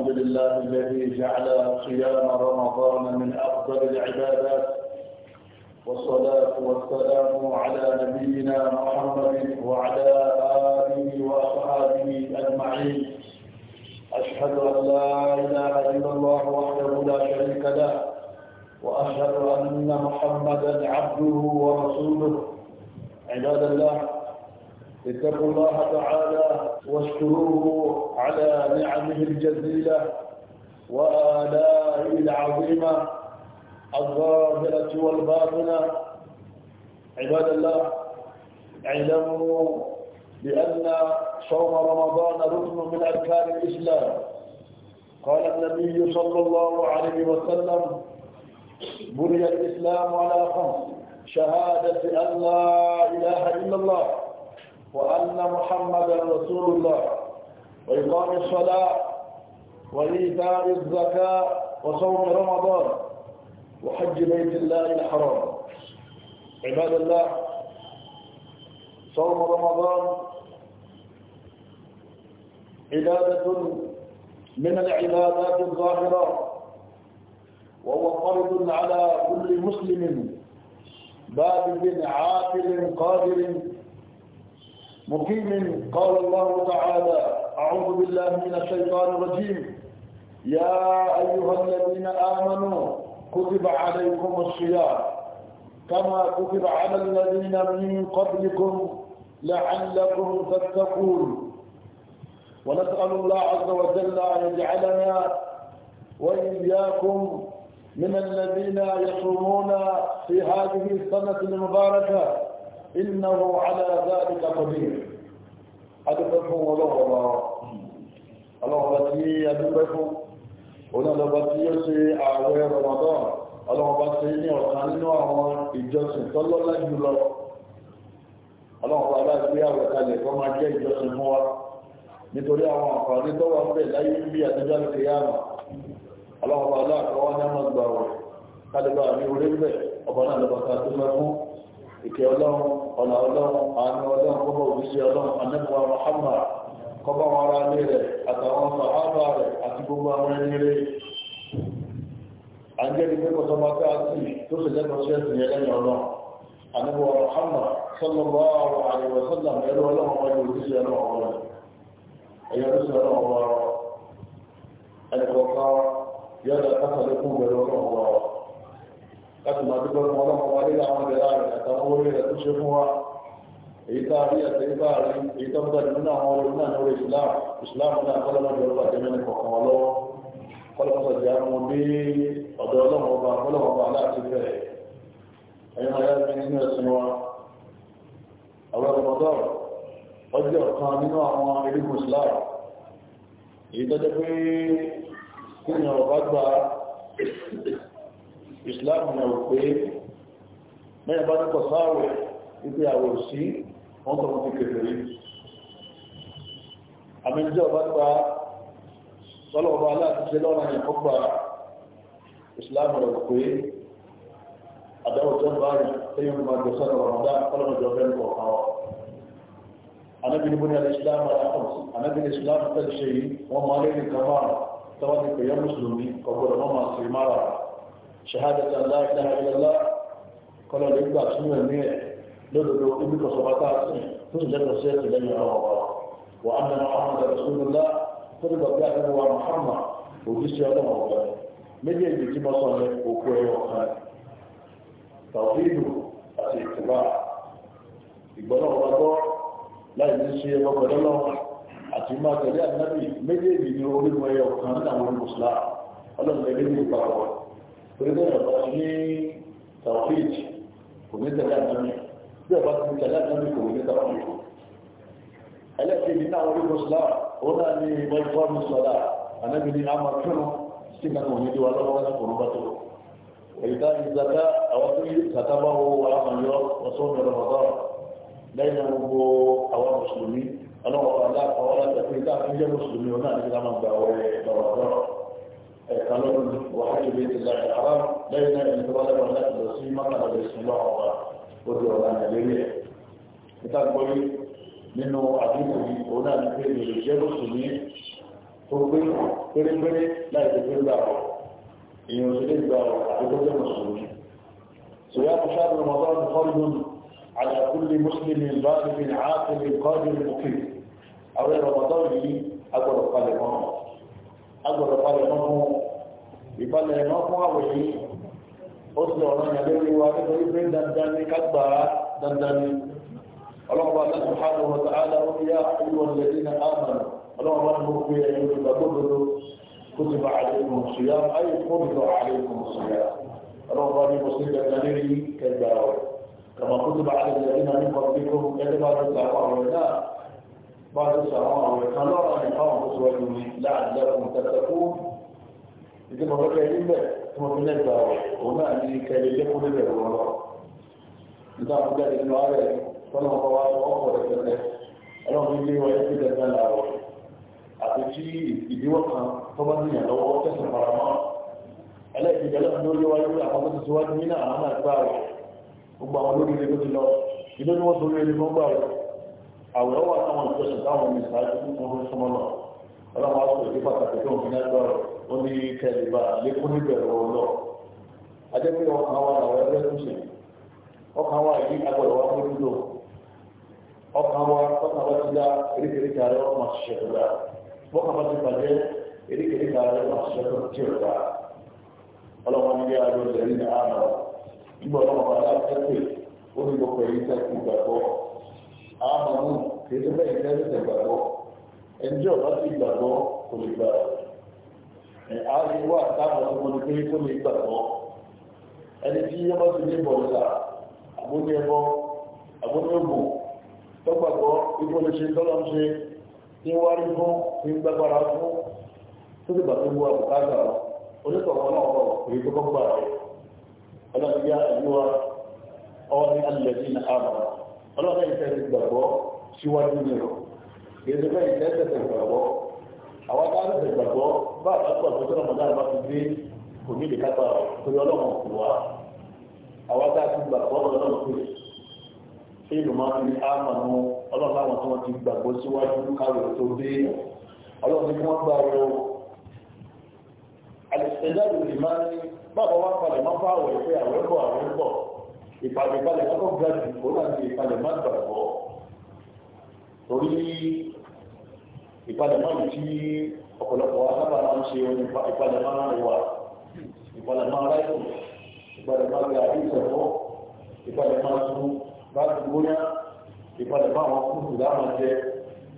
الحمد لله الذي جعل صيام رمضان من أفضل العبادات والصلاة والسلام على نبينا محمد وعلى آله وأصحابه أجمعين أشهد أن لا إله إلا الله وحده لا شريك له وأشهد أن محمدا عبده ورسوله عباد الله اتقوا الله تعالى واشكروه على نعمه الجزيلة وآلائه العظيمة الظاهرة والباطنة عباد الله اعلموا بأن صوم رمضان ركن من أركان الإسلام قال النبي صلى الله عليه وسلم بني الإسلام على خمس شهادة أن لا إله إلا الله وأن محمدا رسول الله وإقام الصلاة وإيتاء الزكاة وصوم رمضان وحج بيت الله الحرام عباد الله صوم رمضان عبادة من العبادات الظاهرة وهو فرض على كل مسلم باب عاقل قادر مقيم قال الله تعالى أعوذ بالله من الشيطان الرجيم يا أيها الذين آمنوا كتب عليكم الصيام كما كتب على الذين من قبلكم لعلكم تتقون ونسأل الله عز وجل أن يجعلنا وإياكم من الذين يصومون في هذه السنة المباركة إنه على ذلك قدير أدبكم ولو الله الله باتي أدبكم ona lọba tí ó ṣe ààwẹ̀ Ramadan ọlọ́ọ̀bá ṣe ní ọ̀kan nínú àwọn ìjọsìn tọ́lọ́lá jùlọ ọlọ́ọ̀bá aláàgbé àwẹ̀ kalẹ̀ kọ́ máa jẹ́ ìjọsìn fún wa nítorí àwọn àǹfààní tó wà bẹ̀ láyé bí àtijọ́ ti yá àmà ọlọ́ọ̀bá aláàkọ́ wá ní àmà gbà wẹ̀ kálíbà ní orí bẹ̀ ọba náà lọ́ba ká tó mẹ́fún ìkẹ́ ọlọ́run ọ̀nà ọlọ́run àánú ọlọ́run kọ́bọ̀ òjíṣẹ́ ọlọ́run anẹ́kọ̀ọ́ Muhammad kọ́bọ̀ wọn ara ilé rẹ̀ àtàwọn sàhábà rẹ̀ àti gbogbo àwọn ẹni rẹ̀ àjẹ́rì pé kọ́tọ́ bá fẹ́ àti tó sì lẹ́kọ̀ọ́ sí ẹ̀sìn ẹlẹ́yìn ọlọ́run anẹ́kọ̀ọ́ Muhammad sọ́lọ́bọ̀ àwọn àyẹ̀wò sọ́lá ẹ̀rọ ọlọ́run wọn ni òjíṣẹ́ ọlọ́run wọn ẹ̀yọ́ láti máa dúpẹ́ fún ọlọ́run wa nílẹ̀ àwọn ìdẹ̀ra rẹ̀ àtàwọn orí rẹ̀ tó ṣe fún wa èyí tá a rí àti èyí tá a rí èyí tó ń gbàdúrà nínú àwọn orí náà lórí Islam Islam náà kọ́lọ́mọdé ọlọ́pàá jẹ́ mẹ́rin kọ̀ọ̀kan wọn lọ́wọ́ kọ́lọ́mọdé ọjà wọn dé ọ̀dọ̀ ọlọ́run ọba ọlọ́run ọba aláàtí bẹ̀rẹ̀ ẹ̀yin ayá mi nínú ẹ̀sìn wa àwọn ọmọdọ́ ọjọ́ kan nínú àwọn erigun Islam èyí tó jẹ́ pé kí ni ọ̀rọ̀ bá gbà islam ní o pé mẹ́rin bá dúkọ̀ sáwẹ̀ wípé àwọ̀ sí wọ́n tọ́ fún kékeré àmì ìjọ bá gba sọ́lọ̀ ọba aláàtí ṣe lọ́nà yẹn kọ́ gba islam ní o pé àdáwọ̀ tó ń bá rí ẹ̀yìn máa jọ sọ́nà ọ̀rọ̀dá ọlọ́mọdé ọ̀fẹ́ ń kọ̀ọ̀kan wọn anábìnrin bóni alẹ́sìlámù aláàkọ̀ọ̀sì anábìnrin islam tẹ́lẹ̀ ṣe yìí wọ́n máa lé nìkan márùn-ún tọ́wọ́ ti pè é mùsùlùmí ọgbọ́dọ̀ wọ́n máa ṣe márùn-ún ṣahadà la ilaha illallah kọ́lọ̀ lè gbà sínú ẹ̀mí ẹ̀ lódodo ibi kan sọ pátá sí tó sì lẹ́nu sí ẹ̀sìn lẹ́yìn ọ̀rọ̀ ọ̀rọ̀ wà á nana muhammad rasulullah tó lè gbàgbé àtẹnu wa muhammad òjíṣẹ́ ọlọ́run ọ̀gbẹ́ méjèèjì tí mo sọ ní òkú ẹ̀yọ kan tàwíìlù àti ìtura ìgbọ́nà ọ̀gbọ́n láì ní ṣe ọgbọ̀n lọ́wọ́ àti máa tẹ̀lé ànábì méjèèjì ní orígun ẹ̀yọ kan nínú àwọn olùsùlá ọlọ́run ẹ̀mí ní ìpapọ̀ torí bẹ́ẹ̀ ọ̀pá ní tàwíìjì kò ní tẹ̀lé àtúnmí bí ọ̀pá ti tẹ̀lé àtúnmí kò ní tàwíìjì ẹlẹ́kẹ̀ẹ́ni náà wọlé mọ́sùlá òun náà ní mọ́tò mọ́sùlá ànábi ní àmà kírun sí kankan òní tí wà lọ́wọ́ láti kòrò bá tó èyíká ìzàká àwọn tó yí kàtà bá wo àwọn yọ ọ̀sán mẹ́rọ mọ́tò lẹ́yìn náà gbogbo àwọn mùsùlùmí ọlọ́wọ́ àwọn aláàfọwọ́ láti ẹ̀kọ́ ìdá àfihàn قانون وحج بيت الله الحرام بين ينال والناس ولا تدرسين مقر بسم الله وقل وانا جميع كتاب قولي منه عظيم هنا من كل الرجال والسنين تقول كل كل لا يدخل دعوة إن يوصلين دعوة يدخل المسلمين سياق شهر رمضان فرض على كل مسلم بالغ عاقل قادر مقيم أو رمضان لي أقول قال محمد agbọ̀dọ̀ palẹ̀ mọ́ fún ìpalẹ̀ mọ́ fún àwẹ̀ yìí ó sì ọ̀rọ̀ yàn lórí wa nítorí pé dandan ní kágbà dandan ní ọlọ́pàá láti ha lọ́wọ́ tààdà ó yá ìwọ̀n lè dín àmà ọlọ́pàá ní gbogbo ẹ̀yìn olùgbàgbọ́dodo kó ti bá àlékún ṣùyá ayé بعد سلام عليكم الله أن يقام بسوى لعلكم تتقون إذا ما بقى إلا ثم من الدعوة وما أني كلمكم إلا الله إذا ما بقى إلا عليه فلا قواعد أخرى كذلك أنا من لي ويجب أن الدعوة أتجي إدوكا طبعا هي لو وقت سفرما ألا إذا لم نولي ويجب أن أخذ سوى منا أنا أتباعي وبعض لوري لكتلا إذا نوصل إلى المبارك àwòrán wà táwọn ìjọsìn táwọn ọmọ ìsáájú fún wọn sọmọ lọ ọlọ́wọ́ sọ èdè pàtàkì tó ń fi náà gbọ́rọ̀ ó ní kẹlẹ́bà lékún níbẹ̀rẹ̀ ọlọ́ adébíyẹ ọkàn wa làwọn ẹgbẹ́ tó ṣe ọkàn wa yìí agbọ̀dọ̀ wa fún dúró ọkàn wa ọkàn wa ti dá erékèrékè ààrẹ ọmọ ṣiṣẹ́ tó dá bọ́kàn wa ti bàjẹ́ erékèrékè ààrẹ ọmọ ṣiṣẹ́ tó ti rẹ̀ dá ọlọ́wọ́ nílé ààrẹ ọ̀sẹ̀ ní àná ìgbọ̀ ọlọ́wọ́ bàtà tẹ́tẹ̀ ó ní gbogbo èyí àmàmù kìí n'ụlọ bẹ́ẹ̀ jẹ́ ìṣẹ̀ gbàgbọ́ ẹnjẹ́ ọ̀bá ti gbàgbọ́ kò lè gbà ẹ̀ àríwá àtàwọn ọmọ ní pé kó lè gbàgbọ́ ẹni tí ti ní tọ́gbàgbọ́ lè ṣe ṣe ní wárí fún ní gbàgbára fún tó ti onítọ̀kọ́ náà tó kọ́ gbà rẹ̀ yá ẹ̀yọ́ ọ ní alẹ́ ọlọ́run yìí fẹ́ẹ́ gbàgbọ́ síwájú mi rọ̀ èdè bẹ́ẹ̀ yìí fẹ́ẹ́ tẹ̀sẹ̀ gbàgbọ́ àwọn akáwọn tẹ̀sẹ̀ gbàgbọ́ bá àpapọ̀ àpótí ọmọdé àbá ti dé kò ní ìdíkápá torí ọlọ́run kù wá àwọn akáwọn ti gbàgbọ́ ọlọ́run kù ṣé ìlú máa ń fi ámànú ọlọ́run láwọn tí wọ́n ti gbàgbọ́ síwájú káwé tó dé ọlọ́run ní kí wọ́n gbà rọ àlùfẹ́jáde ìmáà ní bàbá wa palẹ̀ mọ́ fáwọ̀ ẹ̀fẹ́ àwẹ́bọ̀ àwẹ́bọ̀ ìpàdépalẹ̀ tó ga jù kó náà ti ìpalẹ̀ má gbàgbọ́ torí ìpalẹ̀ má lù tí ọ̀pọ̀lọpọ̀ asábà máa ń ṣe ohun ìpalẹ̀ má ń wà ìpalẹ̀ má ráìkù ìpalẹ̀ má gbé àdéhùsẹ̀fọ́ ìpalẹ̀ má sun bá gbóná ìpalẹ̀ má wọn kúrú láwọn jẹ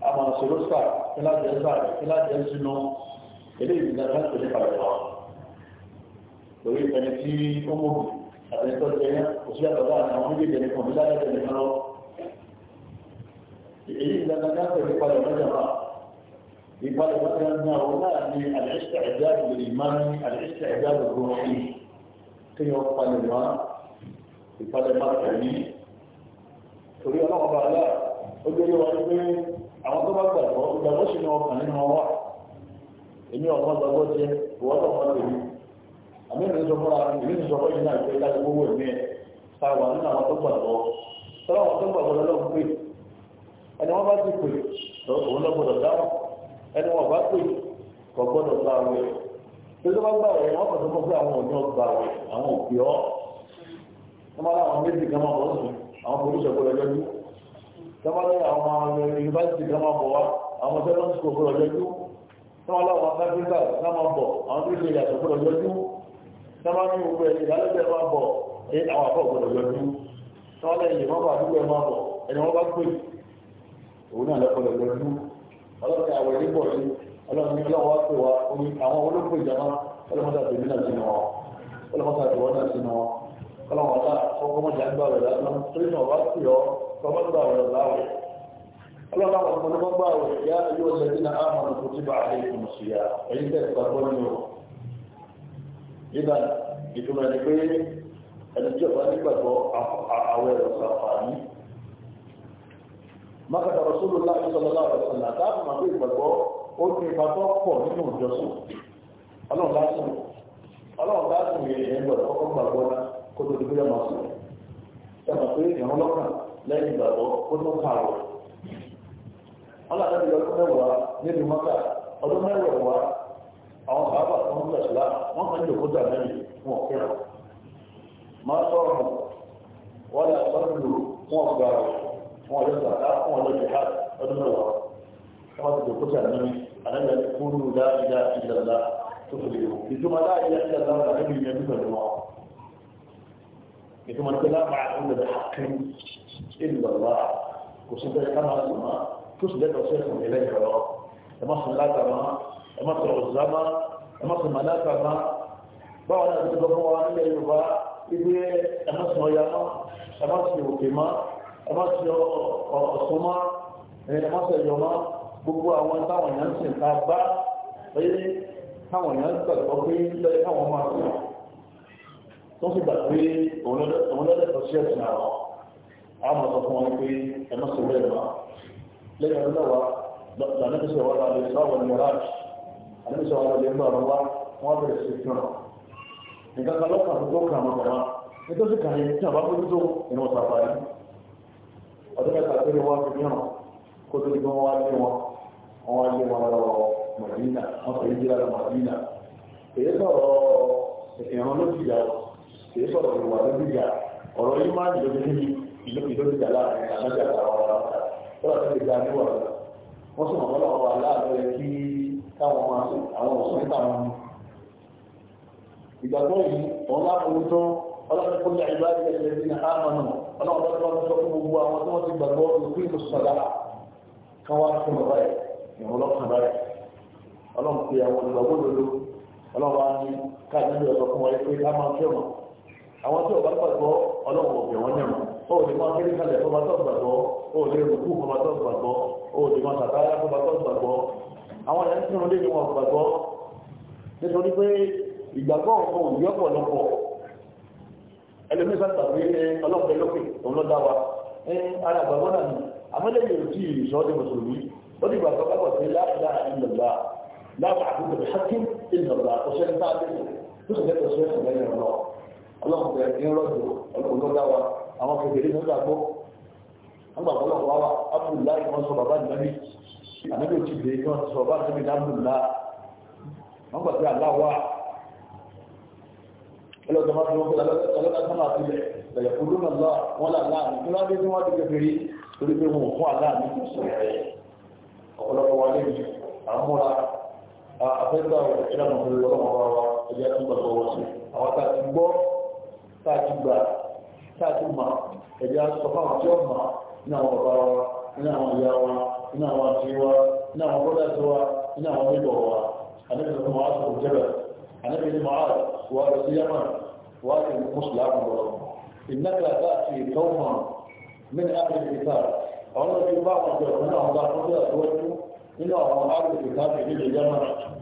àwọn sòlósà kíláàjẹ sà kíláàjẹ sínú eléyìí ní ìdájọ́ ìpalẹ̀ má lórí ìpẹ̀lẹ̀ tí ó mọ̀ àbẹ̀rẹ̀ tó jẹ yẹn kò sí àbàbà àwọn méjèèjì ní kan bílá ẹ̀jẹ̀ nìkan lọ. èyí ìlànà náà pẹ̀lú ìpalẹ̀ mẹ́jọ wa ìpalẹ̀ mẹ́jọ náà wọn náà ní àlẹ́sẹ̀ ẹ̀dá ìgbèrè máa ní àlẹ́sẹ̀ ẹ̀dá gbogbo ọ̀hún kéèyàn palẹ̀ mọ́ ìpalẹ̀ máa tẹ̀lé torí ọlọ́wọ́ bá aláà ó gbélé wa pé àwọn tó bá gbàgbọ́ ìgbàgbọ́ sínú ọkàn nínú ọwọ́ èmi ọ̀gbọ́n gbàgbọ́ jẹ ìwọ́n tó ọmọ tèmi àmì àwọn tó gbàgbọ́ tọ́lá wọn tó gbàgbọ́ lọ́wọ́ pé ẹni wọn bá ti pè òun lọ gbọdọ̀ dáhùn ẹni wọn bá pè kò gbọdọ̀ gbà wẹ̀ tó bá gbà wẹ̀ wọn kò tó gbọ́ pé àwọn òní ọgbà wẹ̀ àwọn òbí ọ́ wọn máa láwọn méjì kan máa bọ̀ sùn àwọn polisi ọgbọdọ̀ lọ́jú tọ́mọlẹ́ àwọn yunifásitì kan máa bọ̀ wá àwọn sẹ́kọ̀ndì kò gbọdọ̀ lọ́jú tọ́mọlẹ́ àwọn káfíńtà kan máa bọ̀ àwọn tó ṣe ìyàtọ̀ gbọdọ̀ sábà ní gbogbo ẹ̀sìn ìdálẹ́gbẹ̀ máa bọ̀ ẹ àwọn àbọ̀ gbọdọ̀ yọjú sábà lẹ́yìn ìmọ̀ bá dúgbò ẹ máa bọ̀ ẹni wọ́n bá pè òun náà lọ́kọ̀ọ́ yọjú ọlọ́run àwẹ̀ ní pọ̀ sí ọlọ́run ní ọlọ́run pè wá omi àwọn olóńgbò ìjàmá ọlọ́run tàbí náà sínú wọn nígbà ìtumọ̀ ni pé ẹni tí ọba nígbàgbọ́ àwọn ẹ̀rọ sàǹfààní mákàtà rọ̀sọ́lù láti maka láti sọ̀rọ̀ láti máa pé ìgbàgbọ́ ó ní ipa tó pọ̀ nínú gbàgbọ́ kó tó sùn pé àwọn sábà tó ń gbẹ̀sì lá wọ́n kàn jòkó dà mẹ́rin fún ọ̀kẹ́rọ̀ má sọ̀rọ̀ wọ́n lè sọ́dún fún ọ̀gbà fún ọ̀lẹ́sà á fún ọ̀lẹ́sà á ọdún mẹ́wàá wọ́n ti jòkó dà mẹ́rin àlẹ́lẹ́ kúrú láìlá ìlàlá tó fi lè wò ìtumọ̀ láìlá ìlàlá wà nínú ìyẹn nígbà tó wọn ìtumọ̀ nígbà máa ń lè hàkín ìlàlá kò sí bẹ́ẹ̀ ká máa sùn mọ́ tó sì lẹ́tọ̀ọ́ sí ẹ̀sùn ìlẹ́yìn ọ̀rọ̀ ẹ̀ má sùn látara ẹ má sọ̀rọ̀ ọ̀sán má ẹ má sọ̀rọ̀ màláka má báwọn náà ti gbọ́ wa nílẹ̀ yorùbá ibi ẹ má sọ̀rọ̀ ya má ẹ má sọ̀rọ̀ òkè má ẹ má sọ̀rọ̀ ọ̀sán má ẹ má sọ̀rọ̀ yọ má gbogbo àwọn táwọn èèyàn ń sìn ká bá pé táwọn èèyàn gbàgbọ́ pé lọ́yẹ káwọn máa sùn tó sì gbà pé òun lọ́dẹ̀ tó ṣe ẹ̀sìn àrọ̀ àmọ́ sọ fún wọn pé ẹ má sọ̀rọ̀ ẹ̀ má lẹ́yìn ọdún náà wà lọ́dẹ̀ tó ṣe wà lálẹ́ sáwọn ní ọ̀rá àti àdébí sọ ọ̀rọ̀ lẹ́gbẹ̀ẹ́ ọ̀rọ̀ wa wọ́n bẹ̀rẹ̀ sí fún ọ. nǹkan kan lọ́kàn tó kàn mọ́ bàbá nítorí kàn yẹn tí àbá bójú tó ìnú ọ̀sà parí. ọdún mẹ́ta péré wá fi hàn kó tó di pé wọ́n wá lé wọn wọ́n wá lé wọn lọ mọ̀dínà wọ́n fẹ́ yíra lọ mọ̀dínà. èyí sọ̀rọ̀ ìran ló ti yà èyí sọ̀rọ̀ ìwà ló ti yà ọ̀rọ̀ yìí máa ń lò ní ìlókìdókìdà láàrin àmọ́jà àwọn ọ̀rọ̀ àwọn ọ̀rọ̀ àti ìgbà níwà wọn sọ̀rọ̀ táwọn máa ṣe àwọn òṣèré táwọn ní. ìgbàgbọ́ yìí òun láàbùrú tó ọlọ́run kó ní àyíká ìgbà ìgbà ìgbà àmàna ọlọ́run sọ fún gbogbo àwọn wọ́n ti gbàgbọ́ kan wá fún bàbá lọ́kàn ọlọ́run pe àwọn ìgbàgbọ́ ọlọ́run ní káàdì ọ̀sọ̀ fún pé ká máa fẹ́ àwọn tí gbàgbọ́ ọlọ́run wọn àwọn ẹ̀rọ tí wọ́n lé ní wọn gbàgbọ́ nítorí pé ìgbàgbọ́ ọ̀pọ̀ òbí ọ̀pọ̀lọpọ̀ ẹlòmí sábà pé ọlọ́pẹ lókè òun ló dá wa ara àgbàgbọ́ náà ni àmọ́lẹ́yìn ò tí ì sọ ọ́ di mùsùlùmí ó ní ìgbàgbọ́ bá pàṣẹ láàbà ìlọ̀gbà láàbà àbúkù hakim ìlọ̀gbà ọ̀ṣẹ́ ní sáà lẹ́yìn tó sì lẹ́tọ̀ọ́ sí ẹ̀sìn lẹ́yìn ọ̀rọ̀ ọlọ́pẹ ní rọ́jò ọlọ́pẹ ló dá wa àwọn kékeré ní ó dàgbó ànábì òtí dé kí wọ́n ti sọ bá àti mi dáhùn ńlá wọ́n gbà pé àlá wà ẹlọ́dọ̀ máa fi wọ́n pẹ̀lú ọlọ́dà sọ́nà àti ilẹ̀ lẹ̀yẹ̀ fún lónà lọ wọn là láà ní kí wọ́n dé tí wọ́n ti kékeré torí pé wọn ò fún àlá mi kò sọ̀rọ̀ ẹ̀ ọ̀pọ̀lọpọ̀ wa lẹ́yìn àmúra afẹ́gbà ìlànà òfin lọ́wọ́ wa wa sí àwọn إنه واسيوى إنه قدسوى إنه مبهوى النبي المعاصر الجبل النبي المعاصر وارسيما وارسي المسلم والله إنك لا تأتي توما من أهل الكتاب أولا في بعض الجبل إنه لا قدسوى إنه هو أهل الكتاب في اليمن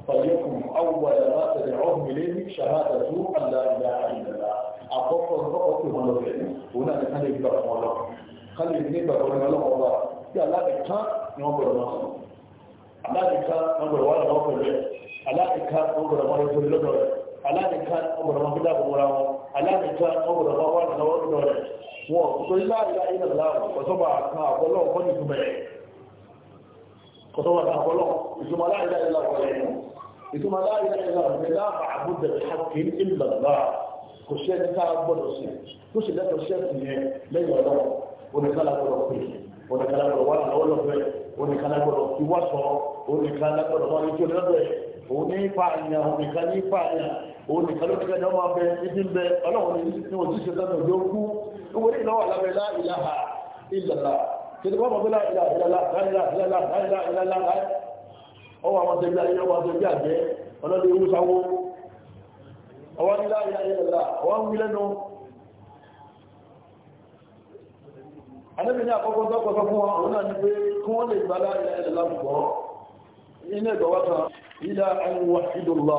فليكم أول ما تدعوهم إليه شهادة أن لا إله إلا الله أقفل رؤوتهم الله هنا نحن نبقى الله خلي نبقى الله sí aláàbìkan ni wọ́n gbọ́dọ̀ máa sùn aláàbìkan wọ́n gbọ́dọ̀ wà lọ́wọ́ pẹ̀lú ẹ̀ aláàbìkan wọ́n gbọ́dọ̀ máa lọ́wọ́ lọ́dọ̀ rẹ̀ aláàbìkan wọ́n gbọ́dọ̀ máa gbọ́dọ̀ àbúrò wọn aláàbìkan wọ́n gbọ́dọ̀ máa wà lọ́wọ́ lọ́dọ̀ rẹ̀ wọn kò ní láàyè ìlàlá ọ̀sọ́bà kan àbọ́lọ́ ọ̀kọ́ ní ìtumẹ̀ kọ̀sọ́bà kan àbọ́lọ́ ìtumọ̀ láàyè ìlàlá ọ̀rẹ́ ìtumọ̀ láàyè ìlàlá ọ̀rẹ́ láàmà àbúdẹ̀ ṣàkín ìlàlá kò ṣe ní ká gbọ́dọ̀ sí kó sì lẹ́tọ̀ọ́ ṣẹ́ẹ̀tì yẹn lẹ́yìn ọ̀dọ́ oníkálà gbọ́dọ̀ pè é ìwọ sọ onìkan lẹ́gbọ̀dọ̀ wọn ní tí o lọ́dọ̀ ẹ̀ òun ní ipa àyàn onìkan ní ipa àyàn onìkan ló kíkẹ́ ìjọba bẹ ibi bẹ ọlọ́run ní wọn ti ìjọ kú owó ní ìnáwó alábẹ́ lá ìlàhà ìlàlà kìdí wọn bọ̀ àlẹ́bí ní àkọ́kọ́ tọ́kọ̀tọ́ fún wọn òun náà ni pé kí wọ́n lè gba láàrin ẹ̀dẹ̀lá gbọ́ nínú ẹ̀gbọ́ wá kan ilá ẹni wá ìdòlá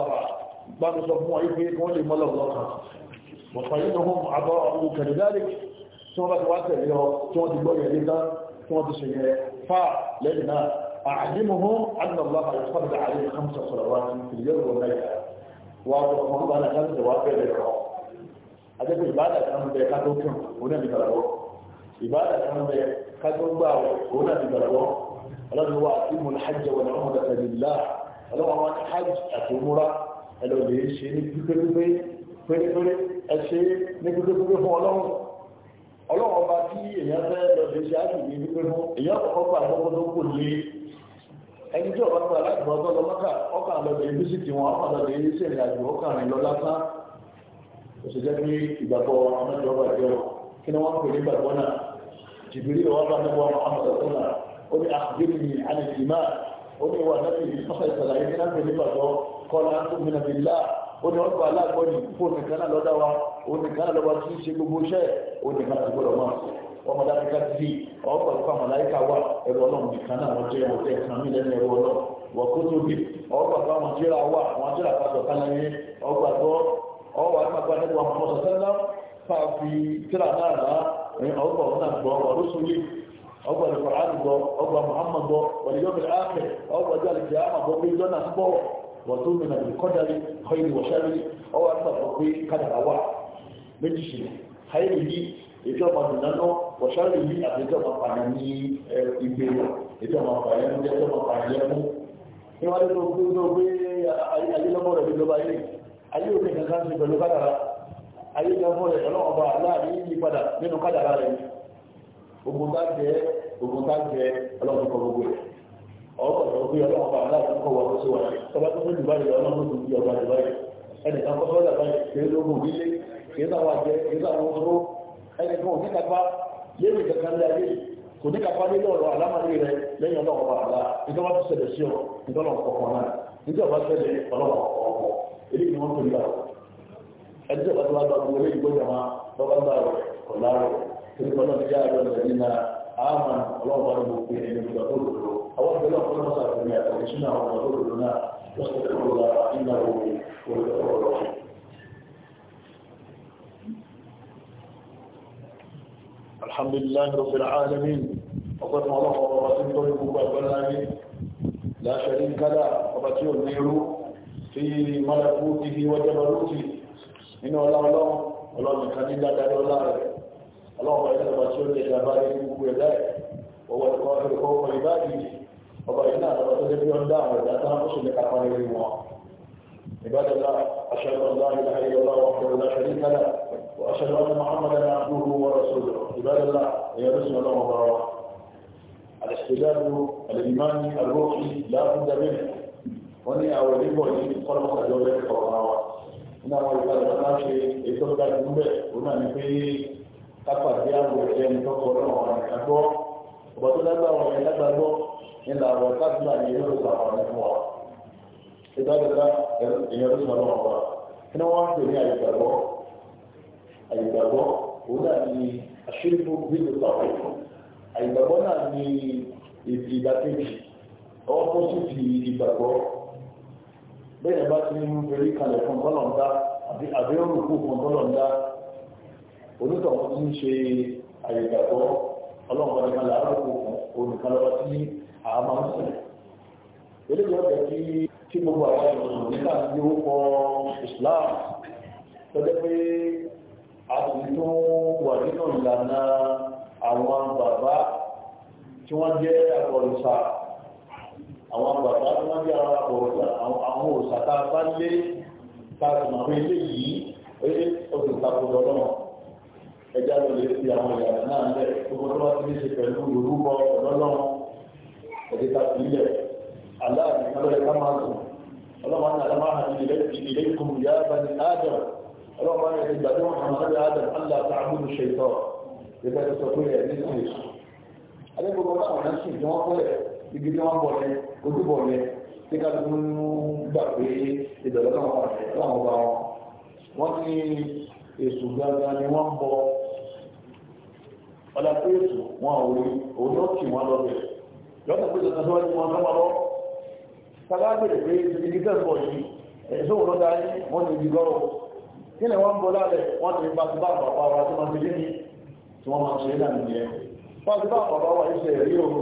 bá mi sọ fún wọn pé kí wọ́n lè mọ́lọ̀ lọ́kàn mọ̀fà yìí ló àbọ̀ ọmọ kẹ̀lẹ́ tí wọ́n bá ti wá tẹ̀lé ọ tí wọ́n ti gbọ́ yẹ̀lé tán tí wọ́n ti ṣe yẹ fà lẹ́yìn náà أعلمهم الله يفرض عليه خمس صلوات في اليوم والليلة وأقول لهم أنا كان جواب بيرو أجل بعد أن بيكاتوكم هنا بيكاتوكم ìbáàdà kan bẹ kájọ gbà òun náà ti gbàgbọ́ ọlọ́run wa àti mọ̀ hajj wọn náà wọn dàtà nílá ọlọ́run wa ní hajj àti múra ẹlọ lè ṣe ní pípépépé pérépéré ẹ ṣe ní pípépépé fún ọlọ́run ọlọ́run ọba tí èèyàn fẹ́ lọ lè ṣe àjù ní pípé fún èèyàn kọ̀ọ̀kan gbà lọ́kọ́ tó kù lé ẹni tí ọba gba láti bọ́ ọtọ́ lọ́mọ́kà ọkàn lọ lè bí sí tiwọn ọkàn lọ lè ṣe ìrìnàjò ọkàn rìn lọ lásán ó sì jẹ́ pé ìgbàgbọ́ ọmọdé ọba jẹ́ kí ni wọ́n pè ní ìgbàgbọ́ náà جبريل وضع نبوة محمد صلى الله عليه وسلم قل أخبرني عن الإيمان قل هو النبي بالحصة السبعين أنت لبقى قال أن تؤمن بالله قل رب الله قل قل كان له دواء قل كان له وكيل شيء بوشة قل كان له قول ما وما ذلك فيه أو قل كان ملائكة وإبراهيم كان له جاء وجاء كامل لنا إبراهيم وكتب أو قل كان مجرى ومجرى فاتو كان له أو قل أو أما قال نبوة محمد صلى الله عليه وسلم ففي كلا نار ọgbà ọ̀nà gbọ́ ọ̀rọ̀ sórí ọgbà ìfọ̀hánì gbọ́ ọgbà Muhammad gbọ́ wàlíyọ́mì áàfẹ́ ọgbà ìjọ àlejò àmà gbọ́ pé jọ́nà gbọ́ wọ́n tó mìíràn ní kọ́dárì ọ̀yìn wọ̀ṣẹ́rì ọwọ́ àtàkọ́ pé kádàrà wà méjì sí háìlì yìí ètò ọmọ dùnánú wọ̀ṣẹ́rì yìí àti ètò ọmọ pààyàn ní ìgbé ètò ọmọ pààyàn ní ètò ọmọ pààyàn mú níwájú tó gbé ayélujára rẹ̀ ayé òkè kankan sí pẹ̀lú kádàrà ayé jẹ́ fún ẹ̀rọ ọba láàrin yí padà nínú kádàrá rẹ̀ ogun tá jẹ́ ogun tá jẹ́ ọlọ́run kọ gbogbo ẹ̀ ọkọ̀ tó fi ọlọ́run ọba láàrin kọ wà lọ́sọ̀ wáyé tọ́ba tó fún dubai lọ ọlọ́run tó fi ọba dubai ẹnìkan kọ́ sọ́dà báyìí kéré lógún nílé kéré táwọn àjẹ kéré táwọn ọmọ ẹnìkan òní kápá yéèmì kankan lé ayé kò ní kápá lé lọ́rọ̀ alámàlẹ́ rẹ lẹ́yìn ọlọ́run ọba àlá nígbà wọn ti ṣẹlẹ̀ sí ọ nígbà wọn kọ̀ọ̀kan أجل الله الذين آمن الله في الله نعم؟ لنا نعم. الله إنه هو الرحيم الحمد لله رب العالمين وقد الله وبركاته وبركاته لا شريك له وبتير في ملكوته وجبروته nínú ọlá ọlọ́run ọlọ́run kan ní dáadáa ọlá rẹ̀ ọlọ́run ọ̀rẹ́ ìjọba tí ó lè dábàá ní gbogbo ẹ̀dá ẹ̀ ọwọ́ ẹ̀kọ́ ẹ̀kọ́ ọkọ̀ ìbáàdì ọba yìí náà lọ́wọ́ tó lé bí ó ń dá àwọn ẹ̀dá tán ó sì lè kápá lórí wọn. ìbádọ́lá aṣọ́lọ́ láàrin ayé ọlọ́wọ́ ọ̀rẹ́ láṣẹ́rí ورسوله عباد الله يا رسول الله وبركاته الاحتجاج الروحي لا بد منه وني أولي بولي قرب خجوري القرآن nínú àwọn ìpàdé tó máa ń ṣe ètò ọ̀gá ìdúgbẹ̀ òun náà ní pé kápàdé àwọn ẹni tó kọ náà wà ní agbọ́ ọ̀bọ̀ tó dágbà àwọn ẹni lágbàgbọ́ ní làwọn tábìlà ní ìlú ìgbà àwọn ẹni wà ìdájọba èèyàn tó sọ náà wà kí ni wọ́n ń pè ní àyígbàgbọ́ àyígbàgbọ́ òun náà ní aṣírífù bíbí pàpọ̀ àyígbàgbọ́ náà ní ìgbà kejì ọwọ́ bẹ́ẹ̀ bá ti nínú fẹ́rí kalẹ̀ fún tọ́lọ̀dá àbí àbẹ́rùkú fún tọ́lọ̀dá onítọ̀wọ́ tí ń ṣe àyẹ̀gbàgbọ́ ọlọ́mọdékalẹ̀ àrùkù fún olùkalọ́wọ́ tí a máa ń sẹ̀. eléyìí ọ̀dẹ̀ kí kí gbogbo àwọn ìròyìn nígbà tí ó kọ Islam tọ́jẹ́ pé a sì tó wà nínú ìlànà àwọn bàbá tí wọ́n jẹ́ àkọlùsà àwọn bàbá tí wọ́n jẹ́ ara bọ̀rọ̀dà àwọn òṣàtà bá lé káàkiri àwọn ilé yìí eré oṣù takòdò náà ẹja ló lè fi àwọn ìyàrá náà lẹ gbogbo tó wá sí ní ṣe pẹ̀lú ìrúbọ ọlọ́run ẹ̀dẹ́ tàbí ilẹ̀ aláàbí kálọ̀rẹ́ ká máa sùn ọlọ́run àti àlámà àti ilé ìkùn ìyá abani ádàm ọlọ́run àti ìgbà tó wọn kàn án lọ́dọ̀ ádàm allah ta'abudu ṣètò ìgbà tó sọ pé ẹ̀ ní sùn èso. adébọ̀bọ̀ náà wọn á sùn tí wọ́n kọ́lẹ̀ ibi tí wọ́n bọ̀ lẹ́yìn ojúbọ yẹn tí ká ló ń gbà pé ìdọ̀lọ́ náà wà láwọn ọba wọn wọ́n ní èṣù gbangba ni wọ́n ń bọ ọ̀dà pé èṣù wọn ò rí òun ló kì wọ́n lọ́bẹ̀ lọ́dọ̀ pé ìdọ̀lọ́ náà wọ́n ń bọ̀ lọ́wọ́ sábàgbèrè pé ibi kẹ́kọ̀ọ́ yìí ẹ̀ṣọ́ òun lọ́dà yìí wọ́n ti di gọ́rọ̀ kí ni wọ́n ń bọ lálẹ́ wọ́n ti bá ti bá àpapọ̀ àwọn àti máa ti lé ní tí wọ́n máa ṣe é náà nìyẹn bá ti bá àpapọ̀ àwọn àti ṣe ẹ̀rí òru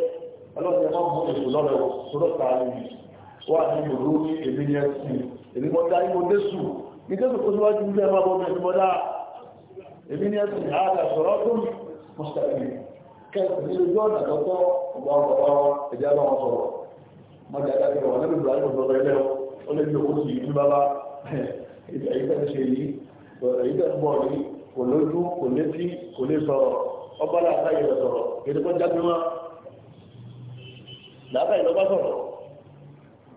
ọlọ́run ẹ̀mọ́ mú ètò lọ́rẹ̀ sọ́dọ̀ta ni wà ní ìlú èmi yẹn sí èmi mọ́ dá ìmọ̀ lẹ́sù ní jésù kó síwájú ilé ẹ̀mọ́ ọmọ ẹ̀mí mọ́ dá èmi yẹn sí àádà sọ̀rọ̀ tó mọ̀sítàkì kẹ́sì ní ojú ọ̀nà tọ́tọ́ ọgbà ọ̀rọ̀ ẹ̀jẹ̀ bá wọn sọ̀rọ̀ mọ́jà dákẹ́ wọn lẹ́nu ìbúra yóò lọ́rọ̀ ilé ó lé ní owó sí ìlú bàbá èyí tẹ́ ṣe yìí èyí tẹ́ bọ̀ yìí kò lójú kò létí kò lè sọ̀rọ̀ ọgbà láàkáyè sọ̀rọ̀ èdè kọjá bí wọn làbá ìlọ́gbà sọ̀rọ̀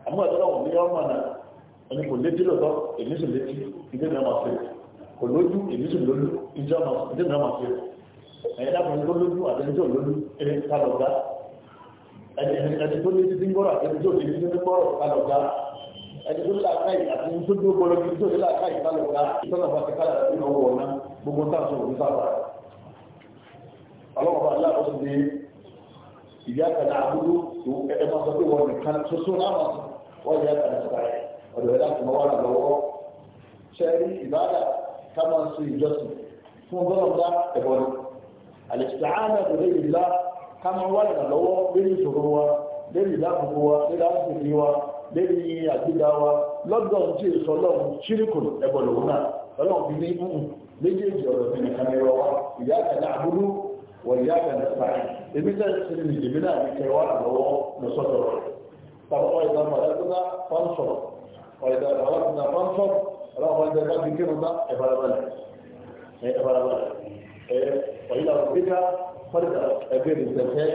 àmúgbà tó lọ́wọ́ ní ọmọ náà ẹni kò létí lọ́tọ́ èmi sì létí ìdí mi ọmọ sí kò lójú èmi sì lójú ìjọ ọmọ ìdí mi ọmọ sí ẹ̀yẹ dákùnrin tó lójú àtẹni tó lójú ẹni kálọ̀gá ẹni tó létí tí ń gbọ́rọ̀ àtẹni tó létí tí ń gbọ́rọ̀ kálọ̀gá ẹni tó láàkáì àtẹni tó dúró gbọ́rọ̀ kí tó láàkáì kálọ̀gá ìtọ́nà bá ti kálà ìnáwó ọ̀nà gbogbo táàsùn sí ìyá kan àbúrú ẹ máa sọ pé wọn nìkan ṣoṣo láwọn wọn yẹ ẹ̀ka nípa ẹ̀ ọ̀dọ̀ ẹ̀dá kùmọ̀ wà lọ́wọ́ ṣẹ́rí ìbáàdà ká máa ń sin ìjọsìn fún gbọ́dọ̀gbá ẹ̀bọ̀ ni àlèṣàánà ìdòdó ìlà ká máa wà lọ́wọ́ lórí ìṣòro wa lórí ìdáàbòbò wa lórí àṣìṣe wa lórí àgbéga wa lọ́dọ̀ tí èso ọlọ́run ṣíríkù ẹ̀bọ̀ lòun wọ̀nyá kẹ̀lẹ́ sáyé èmi náà ṣe ní èmi náà ní kẹwà lọ́wọ́ lọ́sọ̀tọ̀rọ̀ tàbí ọ̀yẹ̀dá màdàkúnà fáńsọ̀ ọ̀yẹ̀dá màdàkúnà fáńsọ̀ ọlọ́wọ́ ẹ̀dá bá ti kírun bá ẹ̀farabalẹ̀ ẹ̀farabalẹ̀ ẹ̀ ọ̀yẹ̀dá òkúta fọ́dà ẹ̀gbẹ́ ìtẹ̀fẹ́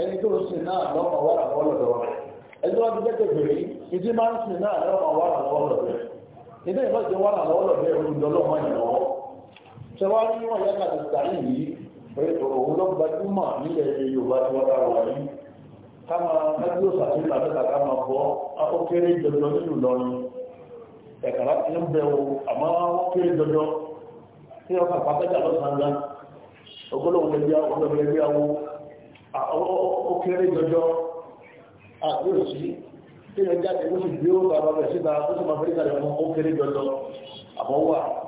ẹni tó ń sin náà lọ́mọ wà lọ́wọ́ lọ́dọ̀ rẹ̀ ẹni tó wá ti dẹ́kẹ̀ bèrè ìdí máa ń sin náà lọ́mọ wà lọ́wọ́ lọ́dọ̀ rẹ̀ ilé ìwọ́sẹ̀ wà lọ́wọ́ lọ́dọ̀ rẹ̀ olùdọ́lọ́mọ ìnáwó ṣẹwàá ní wọ́n yá kàtàkì yìí pẹ̀lú òun ló gbajúmọ̀ nílẹ̀ Yorùbá tí wọ́n dára wà yìí káma kájú òsà tó ní àbẹ́ta káma bọ́ ó kéré jọjọ nínú lọrin ẹ̀kàrà ti ń bẹ̀ o àmọ́ ó kéré jọjọ tí wọ́n kà pàtẹ́jà lọ́sàn-án gan ogolóhùn lè bí àwọn jọjọ àti tí wọ́n jáde ó sì gbé ó bàbá bẹ̀ síta ó sì máa fẹ́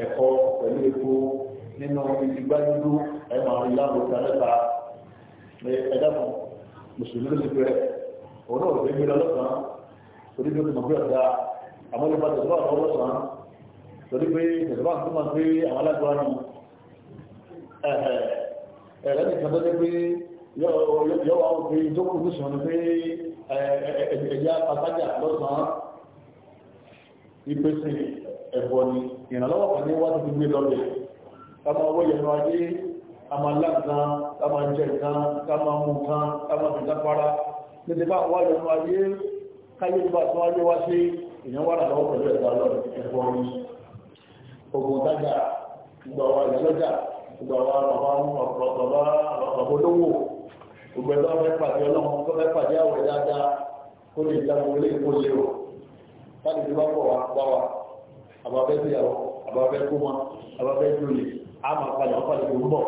ẹ̀kọ́ pẹ̀lú epo nínú ibi gbájúdú ẹ̀mọ̀ àwọn ìlànà òkè àlẹ́ta ẹ̀dàkùn mùsùlùmí ló ti bẹ̀rẹ̀ òun náà òfin gbé lọ́sàn-án torí bí ó ti mọ̀ bí ọ̀dà àmọ́ nípa tẹ̀síwá àwọn ọlọ́sàn-án torí pé tẹ̀síwá tó máa gbé àwọn alágbára nù ẹ̀hẹ̀ ẹ̀rẹ́ nìkan tó dé pé yọ wà òfin ìjókòó lùsùn ni pé ẹ̀yà pàtàkì lọ́sàn-án ìpèsè ẹ̀bọ ni ìrànlọ́wọ́ kan ní wájú gbígbé lọ́lẹ̀ ká máa wọ́ yẹnu ayé ká máa lá nǹkan ká máa jẹ nǹkan ká máa mú nǹkan ká máa fìdá para níbi bá wá yẹnu ayé káyé bá tún ayé wá sí èèyàn wà lọ́wọ́ pẹ̀lú ẹ̀dá lọ́rẹ̀ ẹ̀bọ ni ogun tájà gbogbo àwọn ìyálọ́jà gbogbo àwọn bàbá bàbá olówó gbogbo ẹ̀dá fẹ́ pàdé ọlọ́run tó fẹ́ pàdé àwẹ̀ dáadáa kó lè dá gbogbo ilé ìkó o láti fi bá pọ̀ wá wá wa àbábẹ́ gbéyàwó àbábẹ́ kómọ àbábẹ́ jòlè a máa padà padà tó ń bọ̀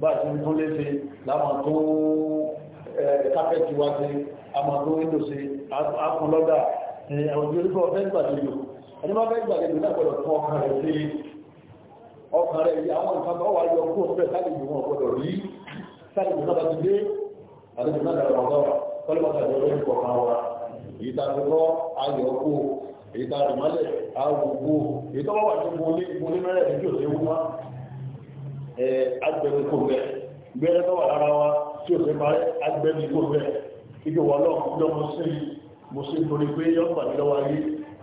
bá ti ń tún léṣe láwọn tó kápẹ́tì wá a máa tó wíńdò sí akùnlọ́dà ọjọ́ orí fẹ́ gbàlejò ẹni bá fẹ́ gbàlejò náà gbọ́dọ̀ fún ọkàn rẹ̀ sí ọkàn rẹ̀ yìí àwọn nǹkan bá wà yọ kó fẹ́ sálejò wọn gbọ́dọ̀ rí sálejò náà bá ti dé àlejò náà dàgbà wọn kọ́lé bàtà ìjọba ìkọ̀ọ̀kan wa èyí àwògbò èyí tó bá wà tó mọ́lé mọ́lé mẹ́rẹ̀ ní kí o léwu wá agbẹ̀mí kò bẹ̀ gbẹ́rẹ́ tó wà lára wa tí o sì parẹ́ agbẹ̀mí kò bẹ̀ kíkẹ́ wà lọ lọ mo sí mo sí torí pé yọ ń bàmí lọ́wọ́ ayé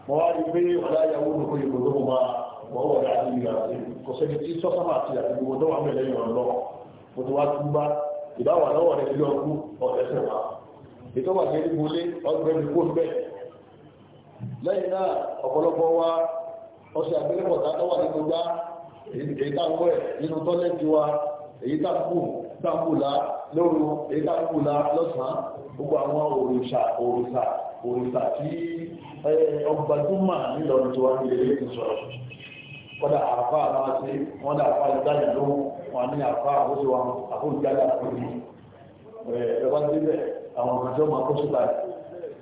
mo wá rí pé ọ̀la ìyàwó mi kò yìnbọn tó mo máa wọ́n wọ̀ láti ìgbà kò sẹ́ni tí sọ́sámà àti àtìgbò tó wà mẹ́lẹ̀ yọ̀ lọ mo ti wá túbá ìbáwà lọ́wọ́ rẹ̀ ilé ọkú ọ̀rẹ́sẹ̀ wa ìtọ́wà jẹ́ ní mo lé ọgbẹ́ni lẹ́yìn náà ọ̀pọ̀lọpọ̀ wa ọṣẹ àgbélẹ̀pọ̀ tá a wà nínú gbá èyí tá a wẹ̀ nínú tọ́lẹ́tì wa èyí tá a kù tá a kù la lóru èyí tá a kù la lọ́sàn-án gbogbo àwọn òrìṣà òrìṣà òrìṣà tí ọgbàdúmà nílọrin tí wọ́n lè lè sọ̀rọ̀ kọ́dà àfa máa ṣe wọ́n dà àfa ìdáyà lóhùn wọn ní àfa àkóso wọn àkóso ìdáyà àkóso ẹ̀ ẹ̀ wá débẹ̀ àwọn ọmọdé ọmọ àkóso báyìí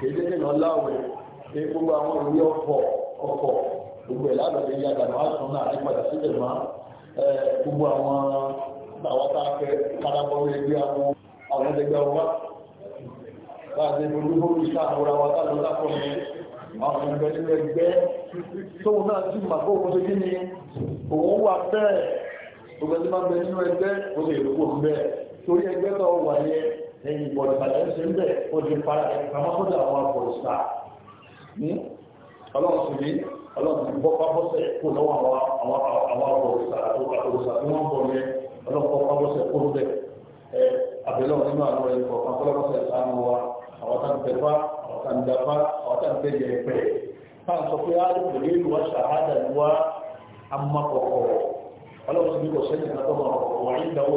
kéde kéèyàn láwẹ̀ pé gbogbo àwọn ìwé ọkọ̀ ọkọ̀ gbogbo ẹ̀ lálọ́dẹ yá dànù àtún náà nípadà síbẹ̀ mọ́ gbogbo àwọn àwọn tá a fẹ́ kárábọ̀ ẹgbẹ́ àwọn àwọn ẹgbẹ́ wa bá a ṣe fojú fóònù sáà múra a lọ sáfọ́ mi àwọn ẹgbẹ́ nínú ẹgbẹ́ tóun náà sì mà kó kó sókè ní òun wà bẹ́ẹ̀ gbogbo ẹgbẹ́ máa bẹ nínú ẹgbẹ́ kó sì èrò kó bẹ́ẹ̀ torí ẹgbẹ́ náà wà yẹn lẹ́yìn bọ̀dù bàtà ń ṣe ń bẹ̀ ó di para ẹ̀ kàmá kó dà wọn bọ̀dù sá ní hmm? ọlọ́run sì ní ọlọ́run bọ́ pábọ́sẹ̀ kó lọ́wọ́ àwọn bọ̀dù sá tó bọ̀dù sá tí wọ́n bọ̀ yẹn ọlọ́run bọ́ pábọ́sẹ̀ kó lọ́bẹ̀ ẹ àbẹ̀lẹ̀ nínú àwọn ẹ̀ kọ̀ọ̀kan kọ́lọ́bọ̀sẹ̀ sánú wa àwọn tá ń tẹ̀fá àwọn tá ń dáfá àwọn tá ń tẹ̀yẹ pẹ̀ táà sọ pé àdùkù ní ìlú wa ṣàhádà kò sẹ́yìn kan tó mọ̀ ọ̀wọ̀ ìdáwó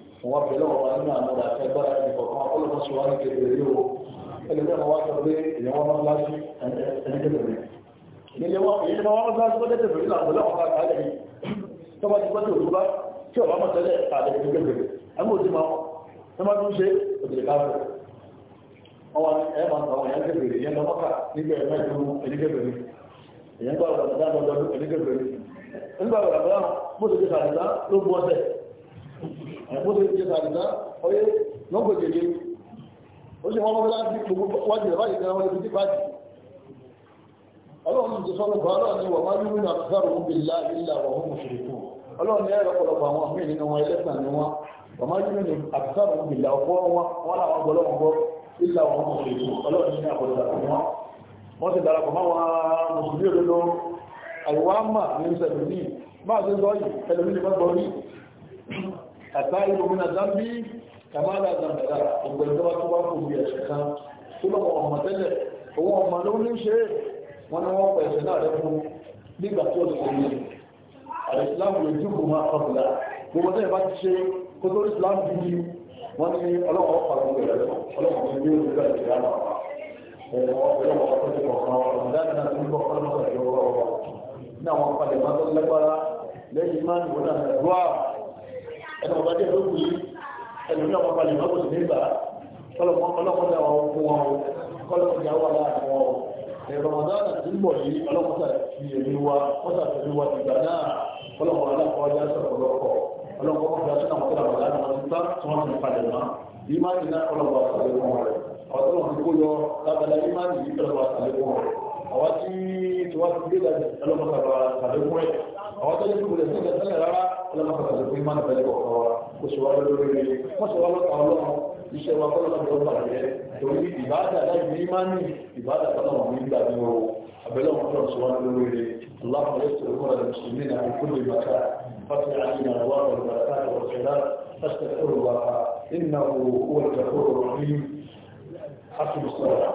wọn bẹ lọ́wọ́ wa nínú àná rẹ àtẹgbára ẹni kọ̀ọ̀kan ọlọ́run sọ wá ní kékeré yìí o ẹlẹgbẹ́ wọn wá sọ pé èèyàn wọn máa láti ẹni kékeré ilé wọn èyí ni wọn máa láti pé kékeré náà pẹ̀lú àwọn ọ̀gá àlẹ́ yìí tó bá ti pẹ́ tó dúró tí ọba máa tẹ́lẹ̀ àlẹ́ yìí kékeré ẹgbẹ́ òsì máa ẹ máa tún ṣe òkèlè káfẹ́ wọn ẹ máa tàwọn èèyàn kékeré èèyàn lọ mọ́kà nígbà ẹ̀ mẹ́jọ ẹni kékeré èèyàn gbà bó ṣe jẹ sàrìdá ọyẹ lọ́gbọ̀n jẹjẹ ó sì wọ́n mọ́tò láti gbogbo wájú báyìí gan wọ́n ti báyìí ọlọ́run ti sọ́nà bá ọlọ́run ni wọ́n máa ń rìn àkùsàrò ń bè láàyè ìlà wọ́n mú ọlọ́run ni ẹ̀rọ pọ̀lọpọ̀ àwọn àtàrí òmìnà dábí kàmáàlà àdàmẹ́dà ọgbẹ̀ ìjọba tó bá kò bí ẹ̀ṣẹ̀ kan tó lọ́wọ́ ọmọ tẹ́lẹ̀ owó ọmọ ló ní ṣe wọn ni wọ́n pẹ̀ ẹ̀ṣẹ̀ náà rẹ̀ fún nígbà tó lè wọlé àdìsílámù lè dúkù máa ọ̀bùlà gbogbo tẹ́lẹ̀ bá ti ṣe kó tó rí sílámù bí wọ́n ní ọlọ́wọ́ pàtó rẹ̀ lọ́wọ́ ọlọ́wọ́ lẹ́yìn máa ń wọ́n náà ẹnu ọba dé lóko yìí ẹnu ní ọba balẹ̀ lọ́kùnrin nígbà ọlọ́kùnrin àwọn ọkùnrin wọn kọ́lọ́kùnrin àwọn aláàbọ̀ wọn rọmọdán àti mbọ̀ yìí ọlọ́kùnrin àti èmi wa kọ́sà àti èmi wa ìgbà náà ọlọ́kùnrin aláàbọ̀ ọjà sọ̀rọ̀ lọ́kọ̀ ọlọ́kùnrin ọjà sọ̀rọ̀ lọ́kọ̀ ọlọ́kùnrin àwọn ti tán tí wọ́n ti palẹ̀ mọ́ ìmáàdì náà ọlọ́kùnrin àtàlẹ́ fún wọn ọ̀tọ́lọ́ ti kó yọ lábala ìmáàdì yìí ọlọ́kùnrin àtàlẹ́ fún wọn àwọn tí tí wọ́n ti gbé àwọn tó yẹ kó lè sílẹ̀ sílẹ̀ rárá ọlọ́mọ kan tó máa ń bẹ̀rẹ̀ kọ̀ kọ́ wa kó ṣe wá lórí rẹ̀ wọ́n ṣe wá lọ́kàn ọlọ́run iṣẹ́ wa kọ́lọ́ náà lọ́ba rẹ̀ torí ìbáàdà láì ní máa ní ìbáàdà kọ́lọ́ wọn nígbà ní o abẹ́lẹ́ wọn kọ́lọ́ ṣe wá lórí rẹ̀ اللهم يسر امور المسلمين في كل مكان فتح علينا ابواب البركات والخيرات فاستغفر الله انه هو الغفور الرحيم حسب الصلاه